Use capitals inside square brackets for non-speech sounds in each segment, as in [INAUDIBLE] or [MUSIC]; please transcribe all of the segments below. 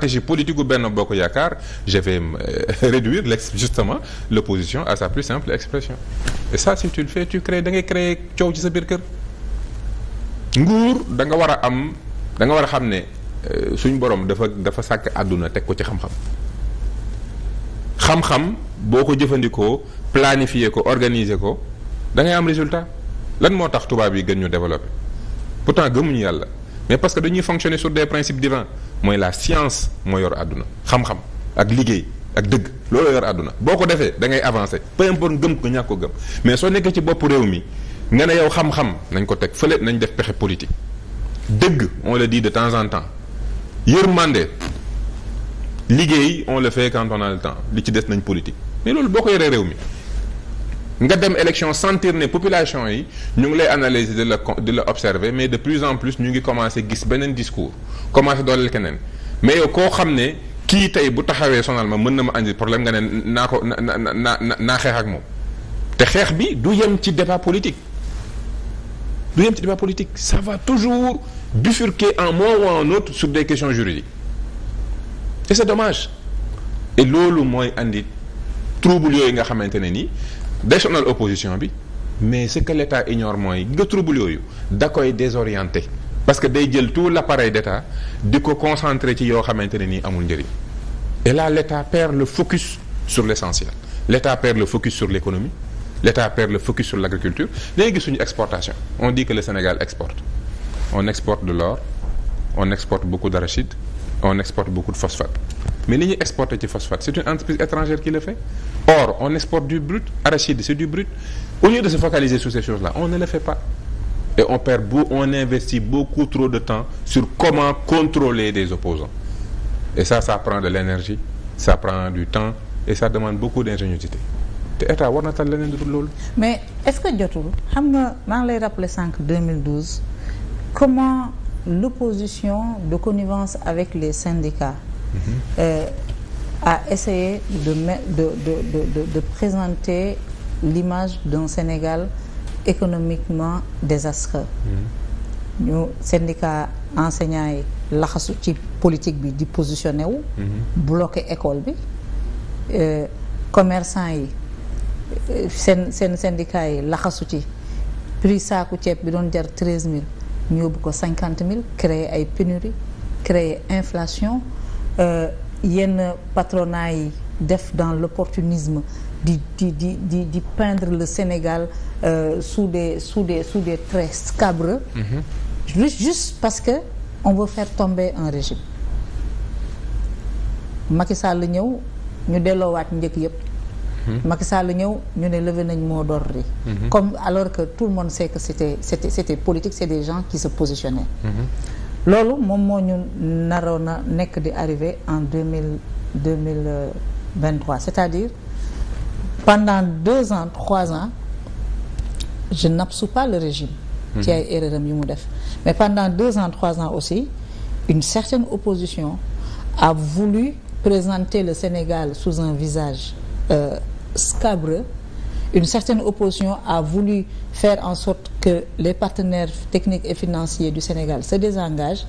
stratégie politique benn Benno Bokk Yaakaar je vais euh, [LAUGHS] réduire l'ex justement l'opposition à sa plus expression et ça si tu le fais tu da ngay créer coow ci sa biir kër nguur da nga war a am da nga war a xam ne euh, suñ borom dafa dafa sàkk àdduna teg ko ci xam-xam xam-xam boo ko jëfandikoo planifier ko organiser ko da ngay am résultat lan moo tax tubaab yi gën ñu développer pourtant gëmuñu yàlla mais parce que dañuy fonctionner sur des principes divins mooy la science moo yor àdduna xam-xam ak liggéey ak dëgg loolu yor àdduna boo ko defee da ngay avancer peu importe gëm ko ñàkk ko gëm mais soo nekkee ci bopp réew mi nga ne yow xam-xam nañ ko teg fële nañ def pexe politique dëgg on le dit de temps en temps yërmande liggéey on le fait quand on le temps li ci des nañ politique mais loolu boo ko yoree réew mi. nga dem élection sentir ne population yi ñu ngi lay analyser di la di la observer mais de plus en plus ñu ngi commencé gis beneen discours commencé dooleel keneen mais yow koo xam ne kii tey bu taxawee sonal ma mën na ma andi problème nga ne naa ko na na naa xeex ak moom te xeex bi du yem ci débat politique du yem ci débat politique ça va toujours bifurquer en un ou en autre sur des questions juridiques et c'est dommage et loolu mooy indi trouble yooyu nga xamante ne nii day sonal opposition bi mais ce que l' état ignore mooy nga trouble yooyu da koy désorienté parce que day jël tout l' appareil d' état di ko concentré ci yoo xamante ne nii amul njëriñ et là l' état perd le focus sur l' essentiel l' état perd le focus sur l' économie l' état perd le focus sur l' agriculture léegi suñu exportation on dit que le Sénégal exporte on exporte de l'or on exporte beaucoup d'arachide on exporte beaucoup de phosphate mais li ñuy exporter ci phosphate c'est une entreprise étrangère qui le fait or on exporte du brut arachide c'est du brut au lieu de se focaliser sur ces choses-là on ne le fait pas et on perd on investit beaucoup trop de temps sur comment contrôler des opposants et ça ça prend de l'énergie ça prend du temps et ça demande beaucoup d'ingéniosité te état war na tal leneen dudul loolu mais est-ce que jotul xam nga maa ngi lay rappeler cinq 2012 comment l'opposition de connivence avec les syndicats euh, a essayé de, de, de, de, de présenter l'image d'un Sénégal économiquement désastreux. Mm-hmm. ñu syndicat enseignants yi laxasu ci politique bi di positionné wu. Mm-hmm. bloqué école bi euh, commerçant yi seen seen syndicat yi laxasu ci prix saaku ceeb bi doon jar treize mille ñu yóbbu ko cinquante mille créer ay pénurie créer inflation. Euh, yenn patronat yi def dans l'opportunisme di di di di di peindre le Sénégal euh, sous des sous des sous des traits scabreux mm juste parce que on veut faire tomber un régime Macky Sall ñëw ñu delloowaat njëkk yëpp mhm. Macky Sall ñëw ñu ne leve nañ moo d'ordre yi mhm. comme alors que tout le monde sait que c'était c'était c'était politique c'est des gens qui se positionnaient mhm. loolu moom moo ñu naroon a nekk di arriver en deux mille deux mille euh, vingt trois c'est-à-dire pendant deux ans trois ans je n'absous pas le régime. Mhm. ci ay erreur am yu mu def mais pendant deux ans trois ans aussi une certaine opposition a voulu présenter le Sénégal sous un visage euh, scabreux une certaine opposition a voulu faire en sorte que les partenaires techniques et financiers du Sénégal se désengagent,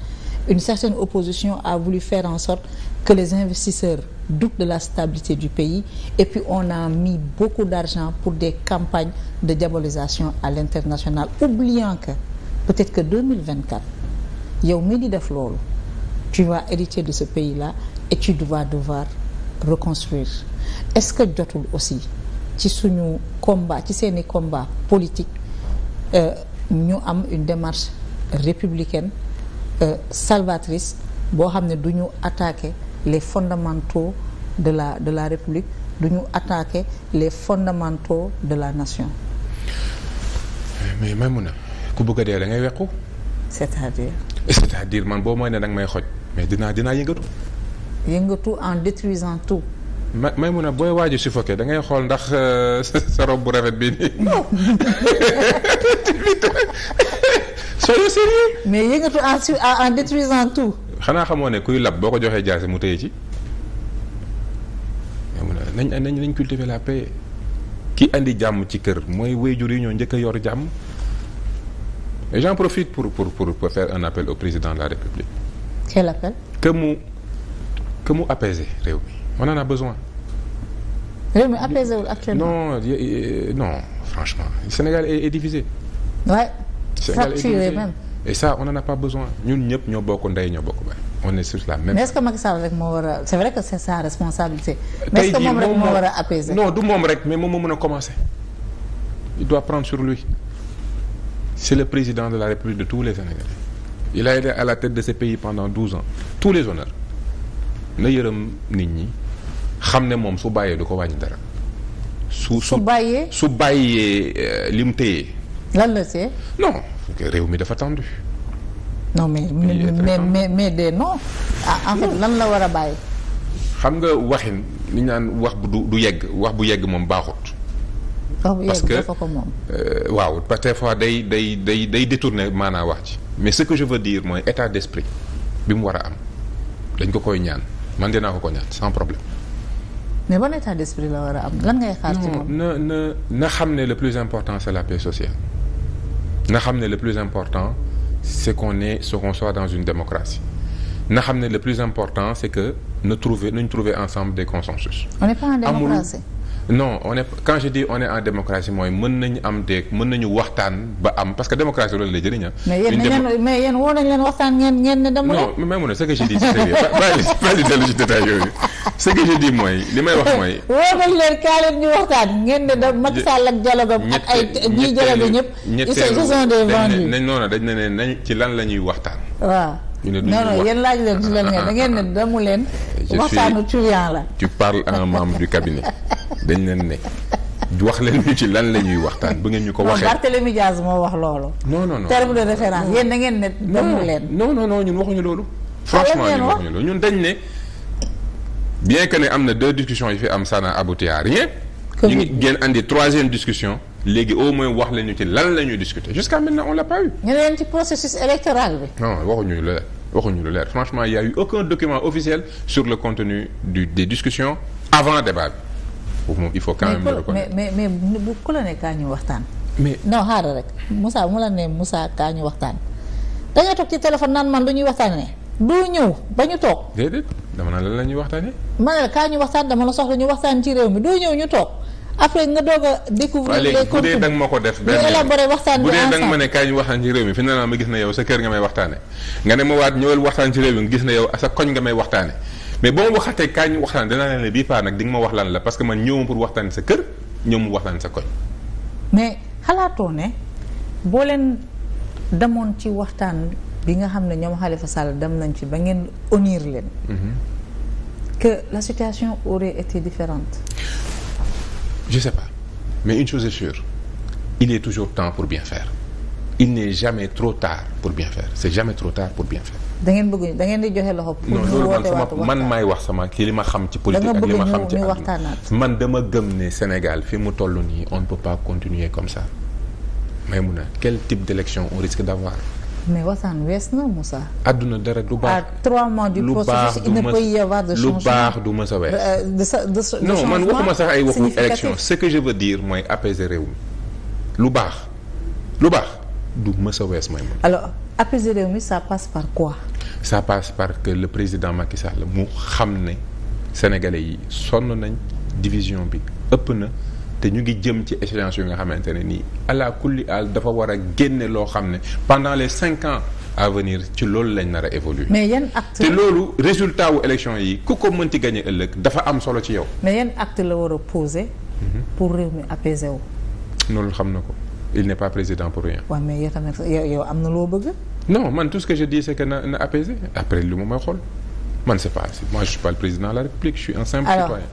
une certaine opposition a voulu faire en sorte que les investisseurs doutent de la stabilité du pays et puis on a mis beaucoup d'argent pour des campagnes de diabolisation à l'international, oubliant que peut-être que 2024, yow mii di def loolu tu vas hériter de ce pays-là et tu vas devoir reconstruire est-ce que jotul aussi ci suñu combat ci seeni combat politique Euh, ñu am une démarche républicaine euh, salvatrice boo xam ne du ñu attaquer les fondamentaux de la de la République du ñu attaquer les fondamentaux de la nation. mais Maimouna ku bëgg a dee da ngay wequ. c'est-à-dire. c'est-à-dire man boo mooy ne danga may xoj mais dinaa dinaa yëngatu. yëngatu en détruisant tout. ma may mun a booy waaju suffoqué da ngay xool ndax euh, sa robe bu rafet bi nii non [LAUGHS] soyez sérieux mais yëngatu en en détruisant tout xanaa xamoo ne kuy lab boo ko joxee jaasi mu tëye ci nañ nañ nañ cultiver la paix ki indi jàmm ci kër mooy wéyjur yi ñoo njëkk a yor jàmm et j'en pour pour pour pour faire un appel au président de la République. quel appel que mu que mu apaiser réew mi on en a besoin. réew mi apaisé wul actuellement. non non franchement Sénégal est, divisé. Sénégal est divisé. même. et ça on en a pas besoin ñun ñëpp ñoo bokk ndey ñoo bokk baay on est sur la même. mais est-ce que Macky Sall rek moo war a c'est sa responsabilité. mais est-ce rek moo war a apaiser. moom rek mais moom moo mën a commencer. il doit prendre sur lui. c'est le président de la République de tous les Sénégalais. il a été à la tête de ce pays pendant douze ans tous les na yërëm nit ñi xam ne moom su bàyyee du ko wàññi dara. su su bàyyee su bàyyee euh, li mu téye. lan la see. non réew mi dafa tendu. non mais mais de non. Ah, en fait lan la war a bàyyi. xam nga waxin li ñu naan wax bu du yegg wax bu yegg moom baaxut. parce que euh, waaw parce que des fois day day day day détourner maanaa wax ci mais ce que je veux dire mooy état d'esprit bi mu war a am dañ ko koy ñaan man dinaa ko ko ñaan sans problème. mais bon état d'esprit la war a am lan ngay xaar ci moom. na xam ne le plus important c'est la paix sociale na xam ne le plus important c'est qu'on est ce qu'on soit dans une démocratie na xam ne le plus important c'est que na trouver nañ trouver ensemble des consensus. on n'est pas en démocratie non on est quand je dis on est en démocratie mooy mën nañu am déeg mën nañu waxtaan ba am parce que démocratie loolu lay jëriñ ah. mais yéen mais yéen woo nañ leen waxtaan ngeen ngeen ne dama. non mais mu ne mooy li may wax mooy. [LAUGHS] woo nañ leen kaa leen ñu waxtaan ngeen ne ñëpp. ñetteelu ñetteelu dañ noonu dañ ne nañ ci lan la ñuy waxtaan. waaw. ñu ne non non yéen laaj leen ci lan ngeen da ngeen ne damu leen. waxtaanu truand la. tu parles du cabinet [LAUGHS] dañ leen ne wax leen ci lan la ñuy waxtaan bu ngeen ñu ko waxee. non Barthélémy Diaz moo wax loolu. non non non terme de référence yéen da ngeen ne. déglu leen non non non ñun waxuñu loolu. franchement ñun waxuñu ñun dañ ne. bien que ne am na deux discussions yi fi am ça n'a à rien. ñu ngi gën indi troisième discussion. léegi au moins wax lañu ci lan la ñuy discuter jusqu'à maintenant on l'a pas ñu ne leen ci processus électoral bi. non waxuñu lu leer waxuñu lu franchement il y a eu aucun document officiel sur le contenu du des discussions avant débat bi. foofu moom il faut la ne kaa ñu waxtaan. mais non xaaral rek Moussa ma la ne Moussa kaa ñu waxtaan da ngay toog ci téléphone naan man lu ñuy waxtaanee doo ñëw ba ñu toog. déedéet dama naan lan la ñuy ma ne la kaa ñu waxtaan dama la soxla ñu waxtaan ci réew mi doo ñëw ñu toog. après nga doog a découvrir les contenus bu dee da nga bi bu dee ma ne kaay ñu waxtaan ci réew mi fi na ma gis na yow sa kër nga may waxtaane nga ne ma waat ñëwal waxtaan ci réew mi gis na yow sa koñ nga may waxtaane mais boo ma waxatee kaay ñu waxtaan danaa leen ne bii paa nag di nga ma wax lan la parce que man ñëwuma pour waxtaan sa kër ñëwuma pour waxtaan sa koñ. mais xalaatoo ne boo leen demoon ci waxtaan bi nga xam ne ñoom fa Sall dem nañ ci ba ngeen unir leen. Mhm. que la situation aurait été différente. je sais pas mais une chose est il est toujours temps pour bien faire. il n'est jamais trop tard pour bien faire c'est jamais trop tard pour bien faire. da bëgg da ngeen di joxe loxo. pour ñu woote man maay wax sama kii li ma xam ci politique ak li ma xam ci man dama gëm ne Sénégal fi mu toll nii on ne peut pas continuer comme ça Maïmouna quel type d'élection on risque d'avoir mais waxtaan wees na Moussa. du baax. à trois mois du processus il ne peut y avoir du ma sa wees. Euh, de sa de sa non man waxuma sax ay waxu élection ce que je veux dire mooy apaiser lu baax lu baax. du mës wees may ma. alors apaiser réew mi ça passe par quoi. ça passe par que le président Macky Sall mu xam ne sénégalais yi sonn nañ division bi ëpp na te ñu ngi jëm ci échéance yi nga xamante ne nii ala kulli al dafa war a génne loo xam ne pendant les cinq ans. à venir ci loolu lañ nar a évoluer. mais yan acte te loolu résultat wu élection yi ku ko mënti gagné ëllëg dafa am solo ci yow. mais yan acte la war a poser. Mhm. pour réew mi apaiser wu. loolu xam na ko. il n'est pas président pour rien. waaw mais yow tamit yow am na loo bëgg. non man tout ce que je dis c'est que na na apaiser après lu ma may man c'est pas moi je suis pas le président de la République je suis un